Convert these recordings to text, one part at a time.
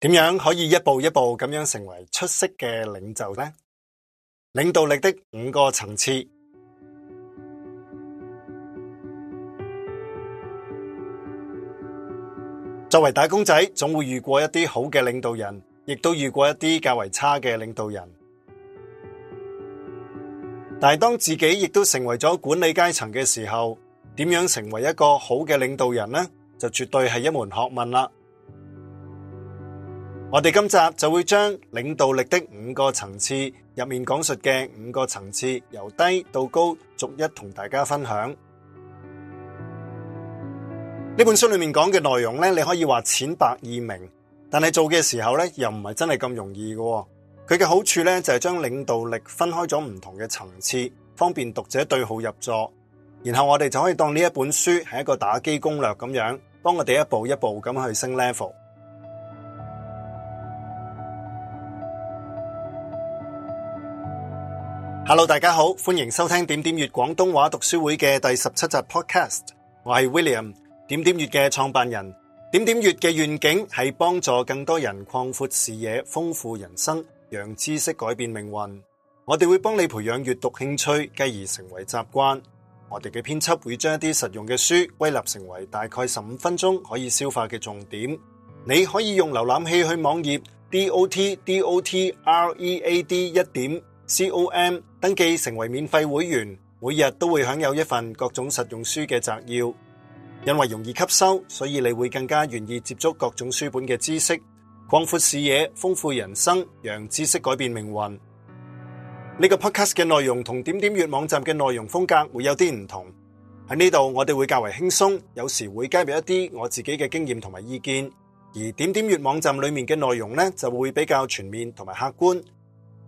點樣可以一步一步咁樣成為出色嘅領袖呢？領導力的五個層次。作為打工仔，總會遇過一啲好嘅領導人，亦都遇過一啲較為差嘅領導人。但係當自己亦都成為咗管理階層嘅時候，點樣成為一個好嘅領導人呢？就絕對係一門學問啦。我哋今集就會將領導力的五個層次入面講述嘅五個層次由低到高，逐一同大家分享。呢 本書裏面講嘅內容你可以話淺白易明，但係做嘅時候呢又唔係真係咁容易噶。佢嘅好處呢，就係將領導力分開咗唔同嘅層次，方便讀者對號入座。然後我哋就可以當呢一本書係一個打機攻略咁樣，幫我哋一步一步咁去升 level。Hello，大家好，歡迎收聽點點粵廣東話讀書會嘅第十七集 podcast。我係 William，點點粵嘅創辦人。點點粵嘅願景係幫助更多人擴闊視野、豐富人生，讓知識改變命運。我哋會幫你培養閱讀興趣，繼而成為習慣。我哋嘅編輯會將一啲實用嘅書歸納成為大概十五分鐘可以消化嘅重點。你可以用瀏覽器去網頁 dot dot read 一點 com 登記成為免費會員，每日都會享有一份各種實用書嘅摘要，因為容易吸收，所以你會更加願意接觸各種書本嘅知識，廣闊視野，豐富人生，讓知識改變命運。呢個 podcast 嘅內容同點點閱網站嘅內容風格會有啲唔同，喺呢度我哋會較為輕鬆，有時會加入一啲我自己嘅經驗同埋意見，而點點閱網站裏面嘅內容呢，就會比較全面同埋客觀。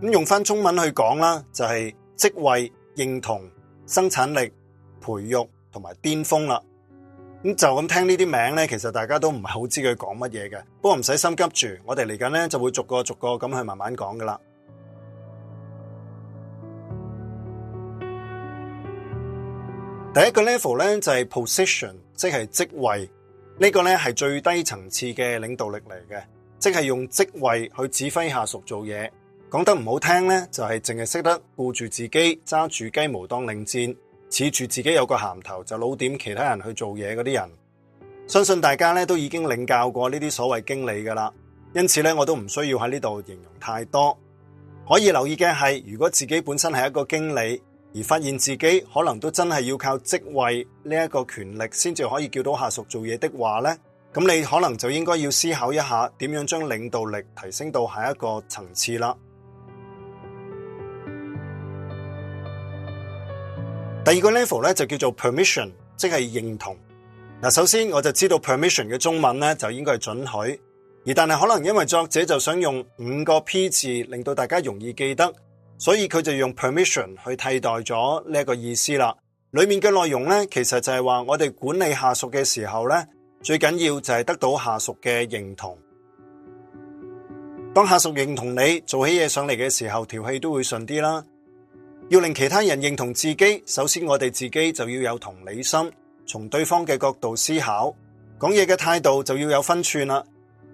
咁用翻中文去講啦，就係職位認同生產力培育同埋巔峰啦。咁就咁聽呢啲名咧，其實大家都唔係好知佢講乜嘢嘅。不過唔使心急住，我哋嚟緊咧就會逐個逐個咁去慢慢講噶啦。第一個 level 咧就係 position，即係職位呢個咧係最低層次嘅領導力嚟嘅，即係用職位去指揮下屬做嘢。講得唔好聽呢，就係淨係識得顧住自己，揸住雞毛當令箭，恃住自己有個銜頭就老點其他人去做嘢嗰啲人。相信大家呢，都已經領教過呢啲所謂經理噶啦，因此呢，我都唔需要喺呢度形容太多。可以留意嘅係，如果自己本身係一個經理，而發現自己可能都真係要靠職位呢一個權力先至可以叫到下屬做嘢的話呢，咁你可能就應該要思考一下，點樣將領導力提升到下一個層次啦。第二個 level 咧，就叫做 permission，即係認同。嗱，首先我就知道 permission 嘅中文咧，就應該係准許，而但係可能因為作者就想用五個 P 字令到大家容易記得，所以佢就用 permission 去替代咗呢個意思啦。裏面嘅內容咧，其實就係話我哋管理下屬嘅時候咧，最緊要就係得到下屬嘅認同。當下屬認同你做起嘢上嚟嘅時候，條氣都會順啲啦。要令其他人認同自己，首先我哋自己就要有同理心，從對方嘅角度思考，講嘢嘅態度就要有分寸啦。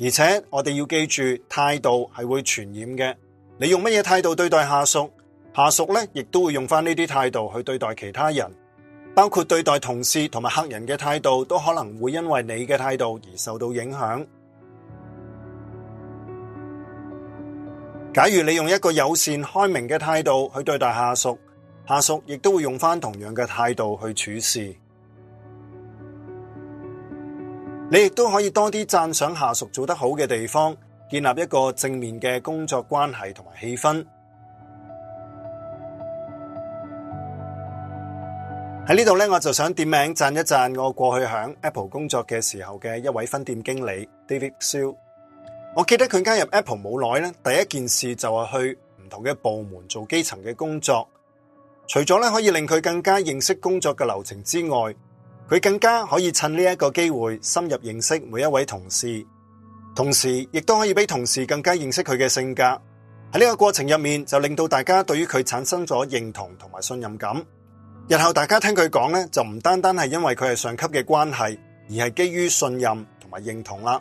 而且我哋要記住，態度係會傳染嘅。你用乜嘢態度對待下屬，下屬呢亦都會用返呢啲態度去對待其他人，包括對待同事同埋客人嘅態度，都可能會因為你嘅態度而受到影響。假如你用一個友善、開明嘅態度去對待下屬，下屬亦都會用翻同樣嘅態度去處事。你亦都可以多啲讚賞下屬做得好嘅地方，建立一個正面嘅工作關係同埋氣氛。喺呢度呢，我就想點名讚一讚我過去響 Apple 工作嘅時候嘅一位分店經理 David Shaw。我記得佢加入 Apple 冇耐咧，第一件事就係去唔同嘅部門做基層嘅工作。除咗咧可以令佢更加認識工作嘅流程之外，佢更加可以趁呢一個機會深入認識每一位同事，同時亦都可以俾同事更加認識佢嘅性格。喺呢個過程入面就令到大家對於佢產生咗認同同埋信任感。日後大家聽佢講咧，就唔單單係因為佢係上級嘅關係，而係基於信任同埋認同啦。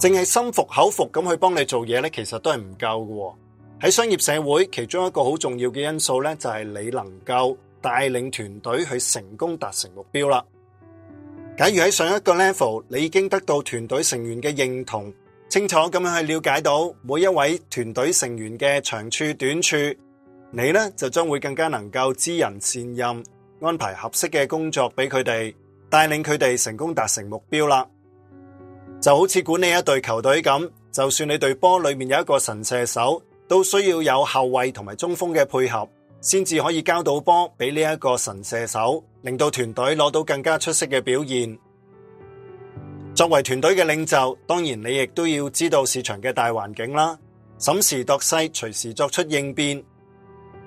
淨係心服口服咁去幫你做嘢咧，其實都係唔夠嘅。喺商業社會，其中一個好重要嘅因素咧，就係你能夠帶領團隊去成功達成目標啦。假如喺上一個 level，你已經得到團隊成員嘅認同，清楚咁樣去了解到每一位團隊成員嘅長處短處，你咧就將會更加能夠知人善任，安排合適嘅工作俾佢哋，帶領佢哋成功達成目標啦。就好似管理一隊球隊咁，就算你隊波裏面有一個神射手，都需要有後衛同埋中鋒嘅配合，先至可以交到波俾呢一個神射手，令到團隊攞到更加出色嘅表現。作為團隊嘅領袖，當然你亦都要知道市場嘅大環境啦，審時度勢，隨時作出應變。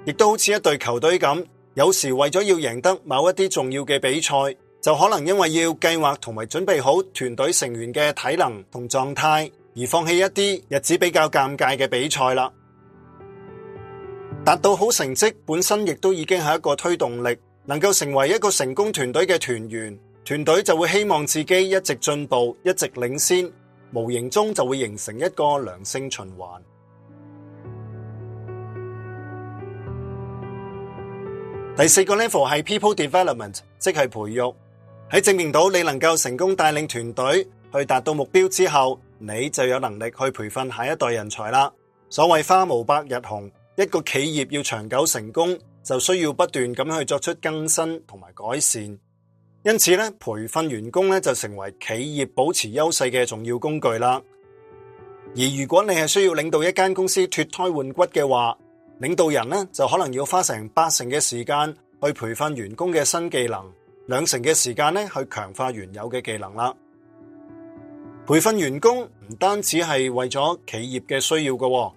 亦都好似一隊球隊咁，有時為咗要贏得某一啲重要嘅比賽。就可能因為要計劃同埋準備好團隊成員嘅體能同狀態，而放棄一啲日子比較尷尬嘅比賽啦。達到好成績本身亦都已經係一個推動力，能夠成為一個成功團隊嘅團員，團隊就會希望自己一直進步，一直領先，無形中就會形成一個良性循環。第四個 level 係 people development，即係培育。喺證明到你能夠成功帶領團隊去達到目標之後，你就有能力去培訓下一代人才啦。所謂花無百日紅，一個企業要長久成功，就需要不斷咁去作出更新同埋改善。因此咧，培訓員工咧就成為企業保持優勢嘅重要工具啦。而如果你係需要領導一間公司脫胎換骨嘅話，領導人呢就可能要花成八成嘅時間去培訓員工嘅新技能。兩成嘅時間咧，去強化原有嘅技能啦。培訓員工唔單止係為咗企業嘅需要㗎，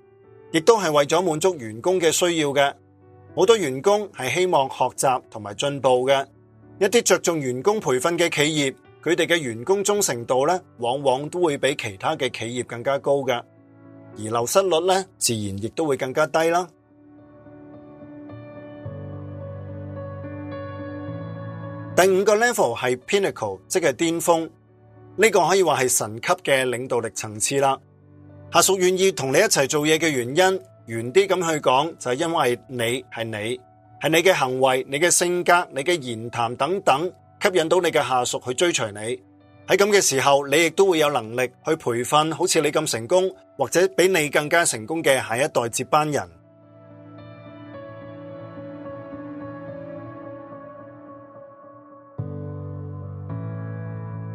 亦都係為咗滿足員工嘅需要嘅。好多員工係希望學習同埋進步嘅。一啲着重員工培訓嘅企業，佢哋嘅員工忠誠度咧，往往都會比其他嘅企業更加高㗎，而流失率咧，自然亦都會更加低啦。第五個 level 係 pinnacle，即係巔峰。呢、這個可以話係神級嘅領導力層次啦。下屬願意同你一齊做嘢嘅原因，遠啲咁去講，就係、是、因為你係你，係你嘅行為、你嘅性格、你嘅言談等等，吸引到你嘅下屬去追隨你。喺咁嘅時候，你亦都會有能力去培訓好似你咁成功，或者比你更加成功嘅下一代接班人。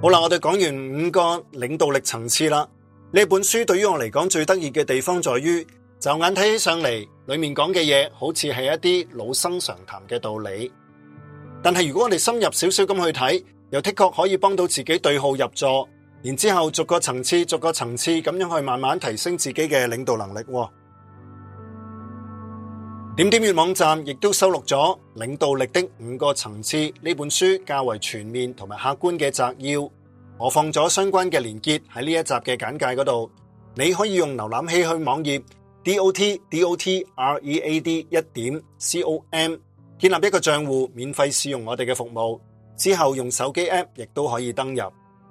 好啦，我哋講完五個領導力層次啦。呢本書對於我嚟講最得意嘅地方在於，驟眼睇起上嚟，裏面講嘅嘢好似係一啲老生常談嘅道理。但係如果我哋深入少少咁去睇，又的確可以幫到自己對號入座。然之後逐個層次，逐個層次咁樣去慢慢提升自己嘅領導能力。點點閱網站亦都收錄咗《領導力的五個層次》呢本書較為全面同埋客觀嘅摘要，我放咗相關嘅連結喺呢一集嘅簡介嗰度。你可以用瀏覽器去網頁 dotdotread 一點 com 建立一個賬戶，免費試用我哋嘅服務，之後用手機 app 亦都可以登入。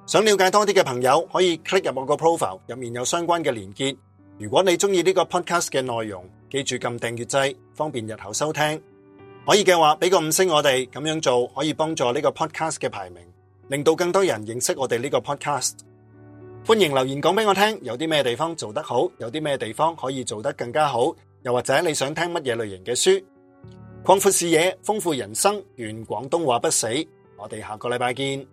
想了解多啲嘅朋友可以 click 入我個 profile，入面有相關嘅連結。如果你中意呢個 podcast 嘅內容，記住撳訂閱掣，方便日後收聽。可以嘅話，俾個五星我哋，咁樣做可以幫助呢個 podcast 嘅排名，令到更多人認識我哋呢個 podcast。歡迎留言講俾我聽，有啲咩地方做得好，有啲咩地方可以做得更加好，又或者你想聽乜嘢類型嘅書，擴闊視野，豐富人生。願廣東話不死。我哋下個禮拜見。